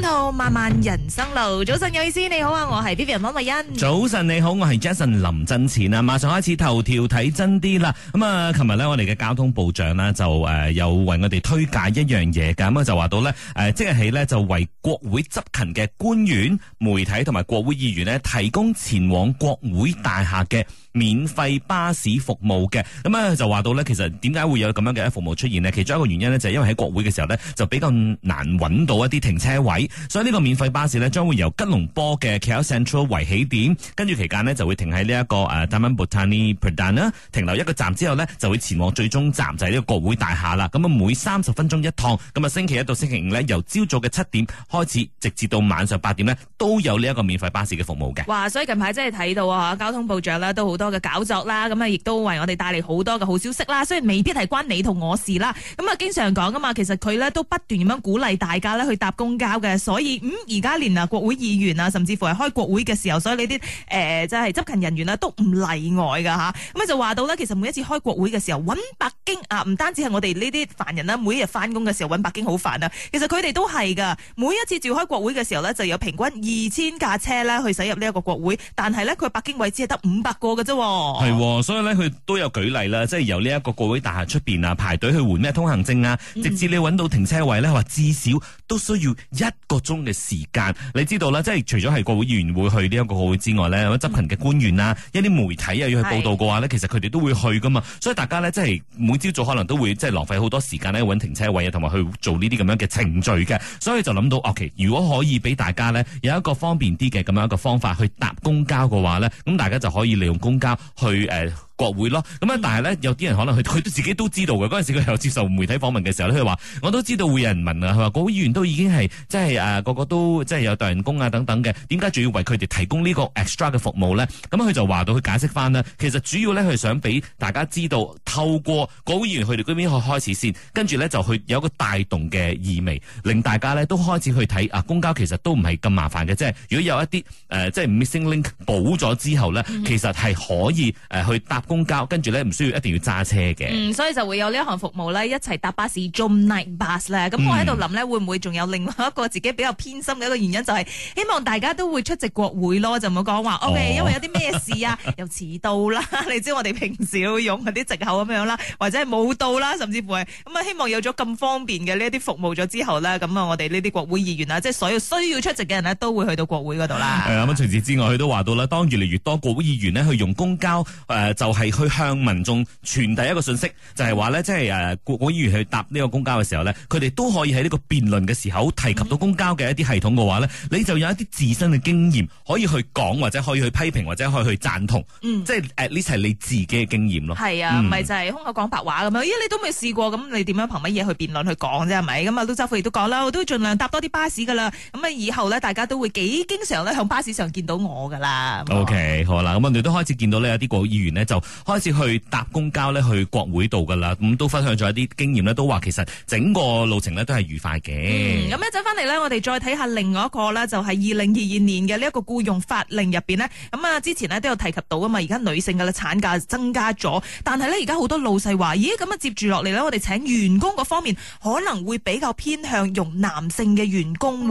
路漫漫人生路，早晨有意思，你好啊，我係 Vivian 溫慧欣。早晨你好，我係 Jason 林振前啊！馬上開始頭條睇真啲啦。咁啊，琴日咧，我哋嘅交通部長啦，就、呃、誒，有為我哋推介一樣嘢嘅，咁啊就話到咧，誒、呃，即日起咧就為國會執勤嘅官員、媒體同埋國會議員咧，提供前往國會大廈嘅免費巴士服務嘅。咁啊就話到咧，其實點解會有咁樣嘅服務出現咧？其中一個原因咧就係因為喺國會嘅時候咧，就比較難揾到一啲停車位。所以呢個免費巴士咧，將會由吉隆坡嘅 KL Central 為起點，跟住期間咧就會停喺呢一個誒、啊、Taman Botani Perdana 停留一個站之後呢，就會前往最終站就係、是、呢個國會大廈啦。咁啊，每三十分鐘一趟，咁啊，星期一到星期五呢，由朝早嘅七點開始，直至到晚上八點呢，都有呢一個免費巴士嘅服務嘅。哇！所以近排真係睇到啊，交通部長呢都好多嘅搞作啦，咁啊亦都為我哋帶嚟好多嘅好消息啦。所以未必係關你同我事啦。咁啊，經常講㗎嘛，其實佢呢都不斷咁樣鼓勵大家呢去搭公交。所以嗯而家連啊國會議員啊，甚至乎係開國會嘅時候，所以呢啲誒即係執勤人員啊，都唔例外噶吓，咁啊就話到呢，其實每一次開國會嘅時候，搵北京啊，唔單止係我哋呢啲凡人啦，每日翻工嘅時候搵北京好煩啊，其實佢哋都係噶，每一次召開國會嘅時候呢，就有平均二千架車呢去駛入呢一個國會，但係呢，佢北京位置係得五百個嘅啫，啊，係、哦，所以呢，佢都有舉例啦，即、就、係、是、由呢一個國會大廈出邊啊排隊去換咩通行證啊，直至你搵到停車位呢，話至少都需要一。個鐘嘅時間，你知道啦，即係除咗係個國會議員會去呢一個國會之外咧，咁執勤嘅官員啦、啊，嗯、一啲媒體又要去報道嘅話咧，是其實佢哋都會去噶嘛。所以大家咧，即係每朝早可能都會即係浪費好多時間咧，揾停車位啊，同埋去做呢啲咁樣嘅程序嘅。所以就諗到，哦，其如果可以俾大家咧有一個方便啲嘅咁樣一個方法去搭公交嘅話咧，咁大家就可以利用公交去誒，呃國會咯，咁啊！但係咧，有啲人可能佢佢都自己都知道嘅。嗰陣時佢又接受媒體訪問嘅時候咧，佢話：我都知道會有人問啊，佢話國會議員都已經係即係誒、啊、個個都即係有代人工啊等等嘅，點解仲要為佢哋提供呢個 extra 嘅服務呢？咁佢就話到佢解釋翻啦。其實主要呢，佢想俾大家知道，透過國會議員佢哋嗰邊去開始先，跟住呢，就去有個帶動嘅意味，令大家呢都開始去睇啊，公交其實都唔係咁麻煩嘅。即係如果有一啲、呃、即係 missing link 補咗之後呢，嗯、其實係可以誒、呃、去搭。公交跟住咧，唔需要一定要揸車嘅，嗯，所以就會有呢一項服務咧，一齊搭巴士，Zoom Night Bus 咧。咁我喺度諗咧，會唔會仲有另外一個自己比較偏心嘅一個原因，就係、是、希望大家都會出席國會咯，就唔好講話，OK，因為有啲咩事啊， 又遲到啦，你知我哋平時用啲籍口咁樣啦，或者係冇到啦，甚至乎係咁啊，希望有咗咁方便嘅呢一啲服務咗之後咧，咁啊，我哋呢啲國會議員啊，即、就、係、是、所有需要出席嘅人呢，都會去到國會嗰度啦。係啊，咁除此之外，佢都話到啦，當越嚟越多國會議員呢，去用公交誒、呃、就。係去向民眾傳遞一個信息，就係話咧，即係誒國會議員去搭呢個公交嘅時候咧，佢哋都可以喺呢個辯論嘅時候提及到公交嘅一啲系統嘅話咧，嗯、你就有一啲自身嘅經驗可以去講，或者可以去批評，或者可以去贊同。嗯、即係誒呢，係你自己嘅經驗咯。係啊，唔係、嗯、就係空口講白話咁樣。咦、啊，你都未試過，咁你點樣憑乜嘢去辯論去講啫？係咪？咁啊，都周副亦都講啦，我都盡量搭多啲巴士噶啦。咁啊，以後咧，大家都會幾經常咧，向巴士上見到我噶啦。OK，好啦，咁我哋都開始見到呢，有啲國會議員呢，就。開始去搭公交咧，去國會度噶啦，咁都分享咗一啲經驗咧，都話其實整個路程咧都係愉快嘅。咁一陣翻嚟呢，我哋再睇下另外一個呢，就係二零二二年嘅呢一個僱傭法令入邊呢，咁啊之前呢，都有提及到㗎嘛，而家女性嘅產假增加咗，但係呢，而家好多老細話，咦，咁啊接住落嚟呢，我哋請員工嗰方面可能會比較偏向用男性嘅員工。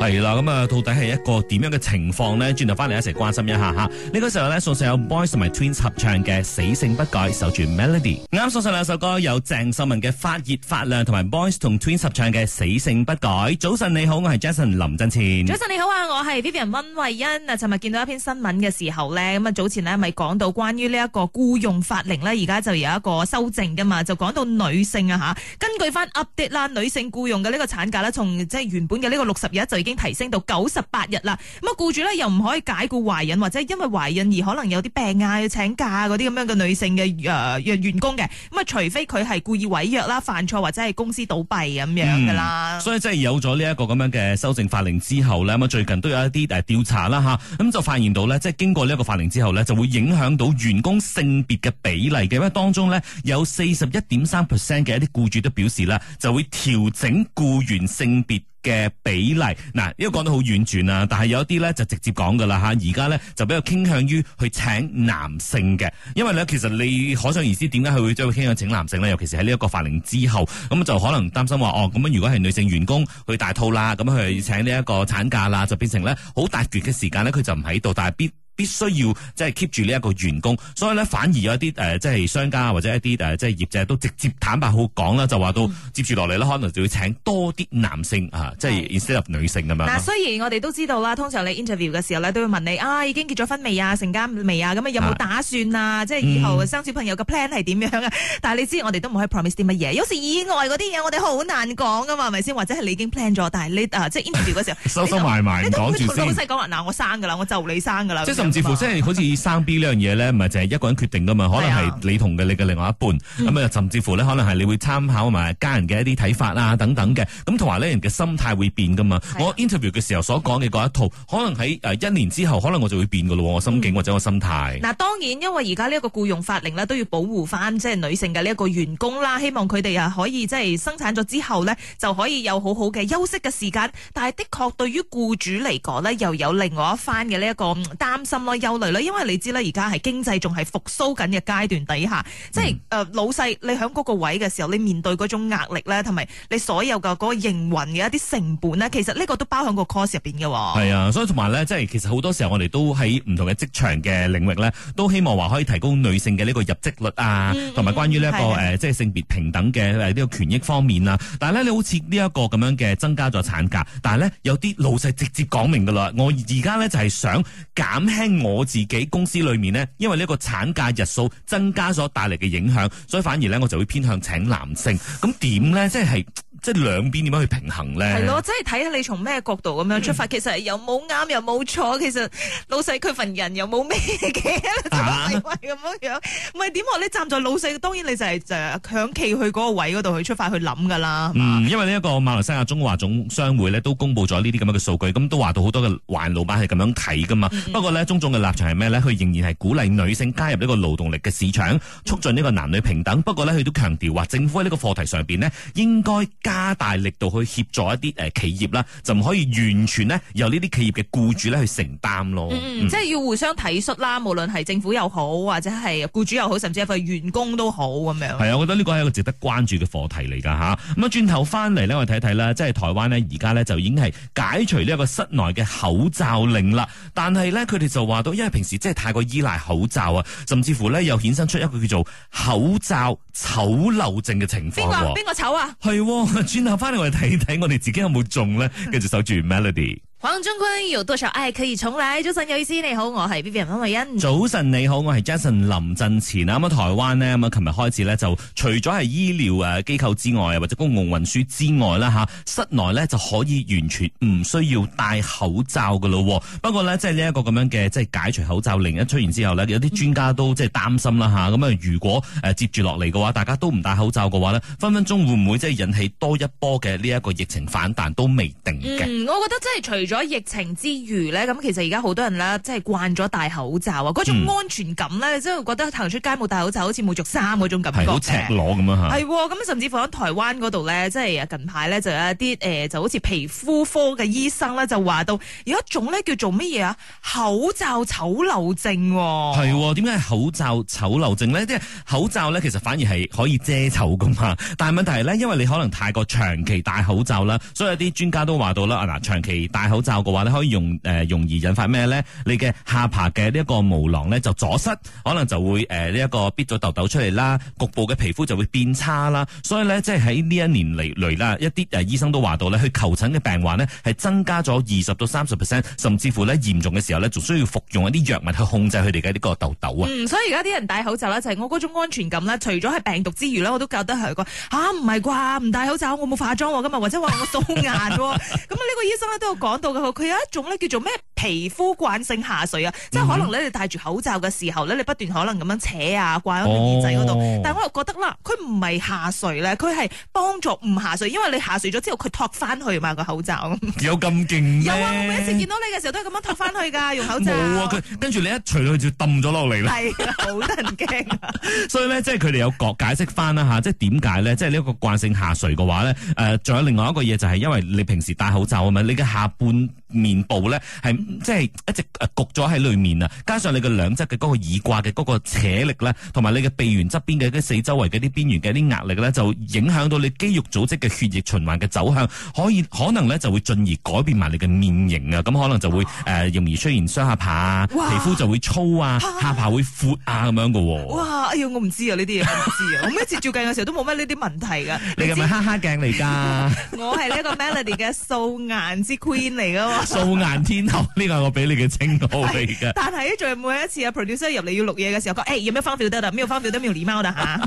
係啦，咁啊到底係一個點樣嘅情況呢？轉頭翻嚟一齊關心一下吓。呢個時候呢，咧，送上有 boys 同埋 twins 合唱嘅。死性不改，守住 melody。啱啱送上兩首歌，由鄭秀文嘅發熱發亮，同埋 Boys 同 Twins 合唱嘅死性不改。早晨你好，我係 Jason 林振前。早晨你好啊，我係 Vivian 溫慧欣。嗱，尋日見到一篇新聞嘅時候咧，咁啊早前咧咪講到關於呢一個僱傭法令咧，而家就有一個修正噶嘛，就講到女性啊吓，根據翻 update 啦，女性僱傭嘅呢個產假咧，從即係原本嘅呢個六十日就已經提升到九十八日啦。咁啊，僱主咧又唔可以解僱懷孕或者因為懷孕而可能有啲病嗌要請假啲。咁樣嘅女性嘅誒員工嘅，咁、呃、啊、呃呃呃呃呃呃、除非佢係故意毀約啦、犯錯或者係公司倒閉咁樣噶啦、嗯，所以真係有咗呢一個咁樣嘅修正法令之後咧，咁啊最近都有一啲誒、呃、調查啦吓，咁、嗯、就發現到咧，即係經過呢一個法令之後咧，就會影響到員、呃、工性別嘅比例嘅，因為當中咧有四十一點三 percent 嘅一啲僱主都表示呢，就會調整僱員性別。嘅比例，嗱、這、呢個講得好婉轉啊，但係有一啲咧就直接講噶啦吓，而家咧就比較傾向於去請男性嘅，因為咧其實你可想而知，點解佢會將會傾向請男性咧？尤其是喺呢一個法令之後，咁就可能擔心話哦，咁樣如果係女性員工去大肚啦，咁佢請呢一個產假啦，就變成咧好大截嘅時間咧，佢就唔喺度，但係必。必須要即係 keep 住呢一個員工，所以咧反而有啲誒，即係商家或者一啲誒，即係業者都直接坦白好講啦，就話到接住落嚟啦，可能就會請多啲男性啊，嗯、即係 instead of 女性咁樣。嗱、嗯，嗯、雖然我哋都知道啦，通常你 interview 嘅時候呢，都會問你啊，已經結咗婚未啊，成家未啊，咁啊有冇打算啊，是即係以後生小朋友嘅 plan 係點樣啊？嗯、但係你知我哋都唔可以 promise 啲乜嘢，有時意外嗰啲嘢我哋好難講噶嘛，係咪先？或者係你已經 plan 咗，但係你、啊、即係 interview 嗰時候 跟收收埋埋你都唔好講嗱，我生噶啦，我就你生噶啦。甚至乎即係好似生 B 呢樣嘢咧，唔係就係一個人決定噶嘛， 可能係你同嘅你嘅另外一半咁啊，甚至乎咧可能係你會參考埋家人嘅一啲睇法啦、啊嗯、等等嘅，咁同埋咧人嘅心態會變噶嘛。啊、我 interview 嘅時候所講嘅一套，可能喺誒一年之後可能我就會變噶咯，我心境或者我心態。嗱、嗯，當然因為而家呢一個雇傭法令咧都要保護翻即係女性嘅呢一個員工啦，希望佢哋啊可以即係生產咗之後咧就可以有好好嘅休息嘅時間，但係的確對於雇主嚟講咧又有另外一番嘅呢一個擔心。心啦，憂慮啦，因為你知啦，而家係經濟仲係復甦緊嘅階段底下，即係誒、嗯、老細你喺嗰個位嘅時候，你面對嗰種壓力咧，同埋你所有嘅嗰個營運嘅一啲成本咧，其實呢個都包含個 cost 入邊嘅。係啊，所以同埋咧，即係其實好多時候我哋都喺唔同嘅職場嘅領域咧，都希望話可以提高女性嘅呢個入職率啊，同埋、嗯嗯、關於呢、這、一個誒的、呃、即係性別平等嘅呢個權益方面啊。但係咧，你好似呢一個咁樣嘅增加咗產假，但係咧有啲老細直接講明㗎喇，我而家咧就係想減輕。我自己公司裏面呢，因為呢個產假日數增加所帶嚟嘅影響，所以反而呢，我就會偏向請男性。咁點呢？即係。即係兩邊點樣去平衡咧？係咯，即係睇下你從咩角度咁樣出發，嗯、其實又冇啱又冇錯。其實老細佢份人又冇咩嘅，啊、 就係咁樣。唔係點話咧？你站在老細，當然你就係就係強企去嗰個位嗰度去出發去諗㗎啦。嗯、吧因為呢一個馬來西亞中華總商會咧，都公布咗呢啲咁樣嘅數據，咁都話到好多嘅華人老闆係咁樣睇㗎嘛。嗯、不過咧，中總嘅立場係咩咧？佢仍然係鼓勵女性加入呢個勞動力嘅市場，促進呢個男女平等。嗯、不過咧，佢都強調話，政府喺呢個課題上邊呢，應該，加大力度去協助一啲誒企業啦，就唔可以完全咧由呢啲企業嘅僱主咧去承擔咯。嗯嗯、即係要互相體恤啦，無論係政府又好，或者係僱主又好，甚至係個員工都好咁樣。係啊，我覺得呢個係一個值得關注嘅課題嚟㗎吓，咁啊，轉頭翻嚟呢，我哋睇睇啦，即係台灣呢，而家呢，就已經係解除呢一個室內嘅口罩令啦。但係呢，佢哋就話到，因為平時真係太過依賴口罩啊，甚至乎呢，又衍生出一個叫做口罩醜陋症嘅情況喎。邊個邊個醜啊？係喎、啊。的 轉頭翻嚟，我哋睇睇我哋自己有冇中咧，跟住守住 melody。黃中坤，有多少愛可以重來。早晨，有意思，你好，我係 B B 林慧欣。早晨，你好，我係 Jason 林振前啊。咁啊，台灣呢，咁啊，琴日開始呢，就除咗係醫療誒機構之外或者公共運輸之外啦吓，室內呢就可以完全唔需要戴口罩㗎喇。不過呢，即係呢一個咁樣嘅即係解除口罩令一出現之後呢，有啲專家都即係擔心啦吓。咁啊、嗯，如果誒接住落嚟嘅話，大家都唔戴口罩嘅話呢，分分鐘會唔會即係引起多一波嘅呢一個疫情反彈都未定嘅、嗯。我覺得即係除。咗疫情之餘咧，咁其實而家好多人咧，即係慣咗戴口罩啊，嗰種安全感咧，真係、嗯、覺得行出街冇戴口罩，好似冇着衫嗰種感覺。好赤裸咁樣係，咁、哦、甚至乎喺台灣嗰度咧，即係近排咧，就有一啲、呃、就好似皮膚科嘅醫生咧，就話到有一種咧叫做乜嘢啊？口罩醜陋症。係點解口罩醜陋症呢？即係口罩咧，其實反而係可以遮醜㗎嘛。但係問題係咧，因為你可能太過長期戴口罩啦，所以有啲專家都話到啦嗱，啊、長期戴口罩嘅話咧，可以用誒、呃，容易引發咩咧？你嘅下巴嘅呢一個毛囊咧，就阻塞，可能就會誒呢一個逼咗痘痘出嚟啦，局部嘅皮膚就會變差啦。所以咧，即係喺呢一年嚟嚟啦，一啲誒醫生都話到咧，去求診嘅病患咧係增加咗二十到三十 percent，甚至乎呢嚴重嘅時候咧，仲需要服用一啲藥物去控制佢哋嘅呢個痘痘啊。嗯，所以而家啲人戴口罩咧，就係、是、我嗰種安全感啦，除咗係病毒之餘呢，我都覺得係個吓唔係啩？唔、啊、戴口罩我冇化妝今日，或者話我素顏咁。呢個醫生都有講到。佢有一種咧叫做咩皮膚慣性下垂啊，即係可能咧你戴住口罩嘅時候咧，你不斷可能咁樣扯啊掛喺耳仔嗰度，哦、但係我又覺得啦，佢唔係下垂咧，佢係幫助唔下垂，因為你下垂咗之後，佢托翻去嘛個口罩。有咁勁咩？有啊！我每一次見到你嘅時候，都係咁樣托翻去㗎，用口罩。 冇啊、跟住你一除咗佢就揼咗落嚟啦。係啊，好得人驚。啊、 所以咧，即係佢哋有個解釋翻啦吓，即係點解咧？即係呢一個慣性下垂嘅話咧，誒、呃，仲有另外一個嘢就係、是、因為你平時戴口罩啊嘛，你嘅下半面部咧係即係一直誒焗咗喺裏面啊，加上你嘅兩側嘅嗰個耳掛嘅嗰個扯力咧，同埋你嘅鼻緣側邊嘅嗰啲四周圍嘅啲邊緣嘅啲壓力咧，就影響到你肌肉組織嘅血液循環嘅走向，可以可能咧就會進而改變埋你嘅面型啊，咁可能就會誒容易出現雙下巴啊，皮膚就會粗啊，下巴會闊啊咁樣噶喎。哇！哎呀，我唔知啊呢啲嘢，我唔知啊，我每一次照鏡嘅時候都冇乜呢啲問題噶。你係咪哈哈鏡嚟噶？我係呢個 Melody 嘅素顏之 Queen 嚟。素顏天后呢個係我俾你嘅稱號嚟噶，但係咧，就每一次啊，producer 入嚟要錄嘢嘅時候，誒，有咩方便得啦？咩方便得？咩唔禮貌得？」吓，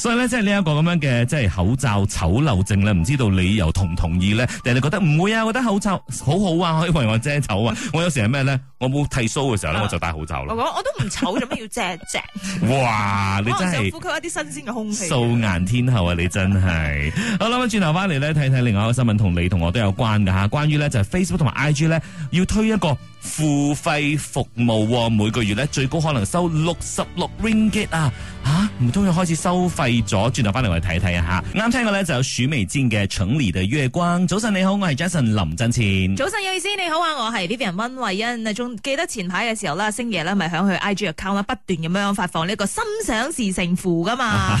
所以咧，即係呢一個咁樣嘅，即係口罩醜陋症咧，唔知道你又同唔同意咧？定係覺得唔會啊？我覺得口罩好好啊，可以為我遮醜啊！我有時係咩咧？我冇剃鬚嘅時候咧，我就戴口罩啦。我我都唔醜，做咩要遮遮？哇！你真係呼吸一啲新鮮嘅空氣。素顏天后啊，你真係好啦，咁轉頭翻嚟咧，睇睇另外一個新聞，同你同我都有關噶吓，關於咧就係。Facebook 同埋 IG 咧要推一個付費服務，哦，每個月咧最高可能收六十六 Ringgit 啊，吓唔通又開始收費咗？轉頭翻嚟我哋睇睇啊吓！啱聽嘅咧就有《鼠眉尖》嘅蠢兒嘅月光。早晨你好，我係 Jason 林振前。早晨有意思，你好啊，我係呢邊 Vivian 溫慧欣啊。仲記得前排嘅時候啦，星爺咧咪響佢 IG account 不斷咁樣發放呢個心想事成符噶嘛。啊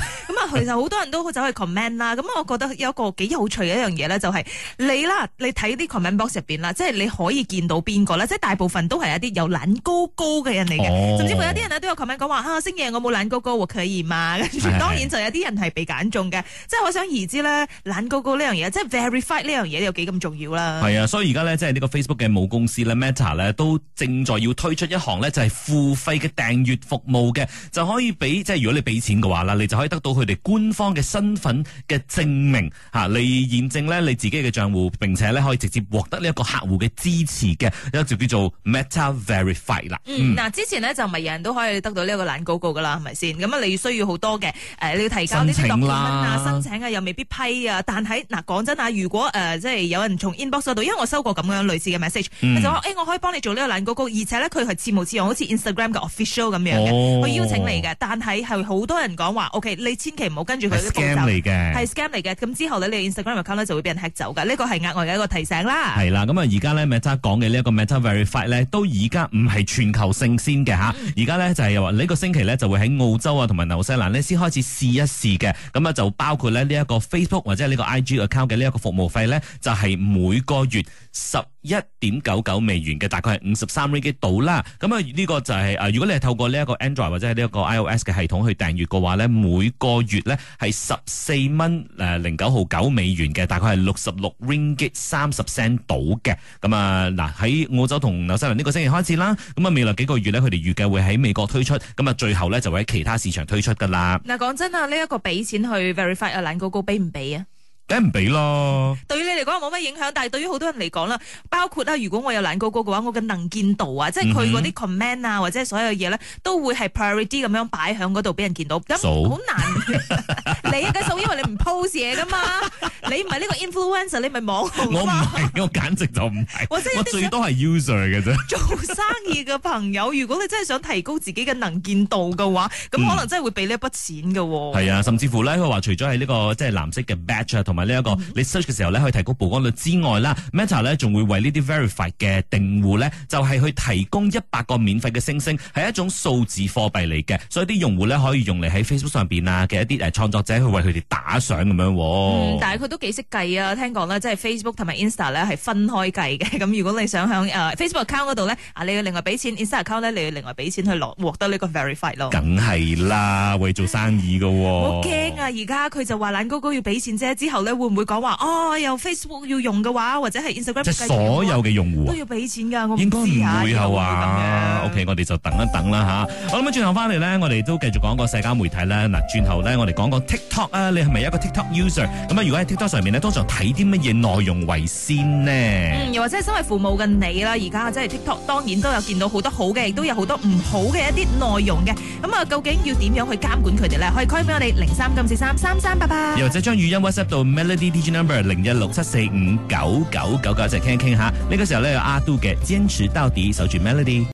其實好多人都走去 comment 啦，咁我覺得有一個幾有趣嘅一樣嘢咧，就係、是、你啦，你睇啲 comment box 入邊啦，即係你可以見到邊個咧，即係大部分都係一啲有懶高高嘅人嚟嘅，哦、甚至乎有啲人呢都有 comment 講話，啊，星爺我冇懶高高喎，佢而嘛，跟住當然就有啲人係被揀中嘅，即係可想而知咧，懶高高呢樣嘢，即、就、係、是、verified 呢樣嘢有幾咁重要啦。係啊，所以而家咧即係呢個 Facebook 嘅母公司咧 Meta 咧，Met a, 都正在要推出一行咧，就係付費嘅訂閲服務嘅，就可以俾，即係如果你俾錢嘅話啦，你就可以得到佢。嚟官方嘅身份嘅證明吓，啊，你驗證咧你自己嘅賬戶，並且咧可以直接獲得呢一個客戶嘅支持嘅，一就叫做 Meta Verify 啦。Ver 嗯，嗱、嗯啊、之前咧就唔係人人都可以得到呢個懶冷告噶啦，係咪先？咁啊，你需要好多嘅誒、啊、你要提交啲、啊、申請啦，申請啊又未必批啊。但係嗱講真啊，如果誒、呃、即係有人從 inbox 收到，因為我收過咁樣類似嘅 message，佢、嗯、就話誒、欸、我可以幫你做呢個懶廣告，而且咧佢係似模似樣好似 Instagram 嘅 official 咁樣嘅去邀請你嘅。但係係好多人講話 OK 你簽。唔好跟住佢係 scam 嚟嘅。係 scam 嚟嘅。咁之後呢，你 Instagram account 呢就會俾人吃走㗎。呢個係額外嘅一個提醒啦。係啦。咁啊，而家咧 Meta 講嘅呢一個 Meta Verified 咧，都而家唔係全球性先嘅。而家咧就係話呢個星期咧就會喺澳洲啊同埋紐西蘭呢，先開始試一試嘅。咁啊就包括咧呢一個 Facebook 或者呢個 IG account 嘅呢一個服務費咧，就係每個月十。一點九九美元嘅，大概係五十三 ringgit 到啦。咁啊，呢個就係誒，如果你係透過呢一個 Android 或者係呢一個 iOS 嘅系統去訂閱嘅話咧，每個月咧係十四蚊誒零九毫九美元嘅，大概係六十六 ringgit 三十 cent 到嘅。咁啊，嗱喺澳洲同紐西蘭呢個星期開始啦。咁啊，未來幾個月咧，佢哋預計會喺美國推出。咁啊，最後咧就會喺其他市場推出噶啦。嗱，講真啊，呢一個俾錢去 verify 阿懶高高俾唔俾啊？梗唔俾咯！對於你嚟講冇乜影響，但係對於好多人嚟講啦，包括啦，如果我有懶高高嘅話，我嘅能見度啊，即係佢嗰啲 comment 啊，或者所有嘢咧，嗯、哼都會係 priority 咁樣擺喺嗰度俾人見到，咁好數難。 你嘅數因為你唔 post 嘢噶嘛， 你唔係呢個 influencer，你咪網紅嘛。我唔係我簡直就唔係 我最多係 user 嘅啫。 做生意嘅朋友，如果你真係想提高自己嘅能見度嘅話，咁、嗯、可能真係會俾呢一筆錢嘅。係啊，甚至乎咧，佢話除咗係呢個即係藍色嘅 badge 同。同埋呢一個你 search 嘅時候咧，可以提高曝光率之外啦，Meta 咧仲會為呢啲 verify 嘅訂戶咧，就係去提供一百個免費嘅星星，係一種數字貨幣嚟嘅，所以啲用戶咧可以用嚟喺 Facebook 上邊啊嘅一啲誒創作者去為佢哋打賞咁樣。嗯，但係佢都幾識計啊！聽講咧，即係 Facebook 同埋 Insta 咧係分開計嘅。咁如果你想喺誒 Facebook account 度咧，啊你要另外俾錢 Insta account 咧你要另外俾錢去攞獲得呢個 verify 咯。梗係啦，為做生意嘅。好驚 啊！而家佢就話攬高高要俾錢啫，之後呢你會唔會講話哦？有 Facebook 要用嘅話，或者係 Instagram，即係所有嘅用戶都要俾錢噶，應該唔會係話。OK，我哋就等一等啦吓。好，咁啊，轉頭翻嚟咧，我哋都繼續講個社交媒體咧。嗱，轉頭咧，我哋講講 TikTok 啊，你係咪一個 TikTok user？咁啊，如果喺 TikTok 上面咧，通常睇啲乜嘢內容為先咧？嗯，又或者係身為父母嘅你啦，而家即係 TikTok，當然都有見到好多好嘅，亦都有好多唔好嘅一啲內容嘅。咁啊，究竟要點樣去監管佢哋咧？可以區翻我哋零三五四三三三八八，又或者將語音 WhatsApp 到。Melody DJ Number 零一六七四五九九九九，一齊傾一傾下。呢個時候呢，有阿杜嘅堅持到底守，守住 Melody。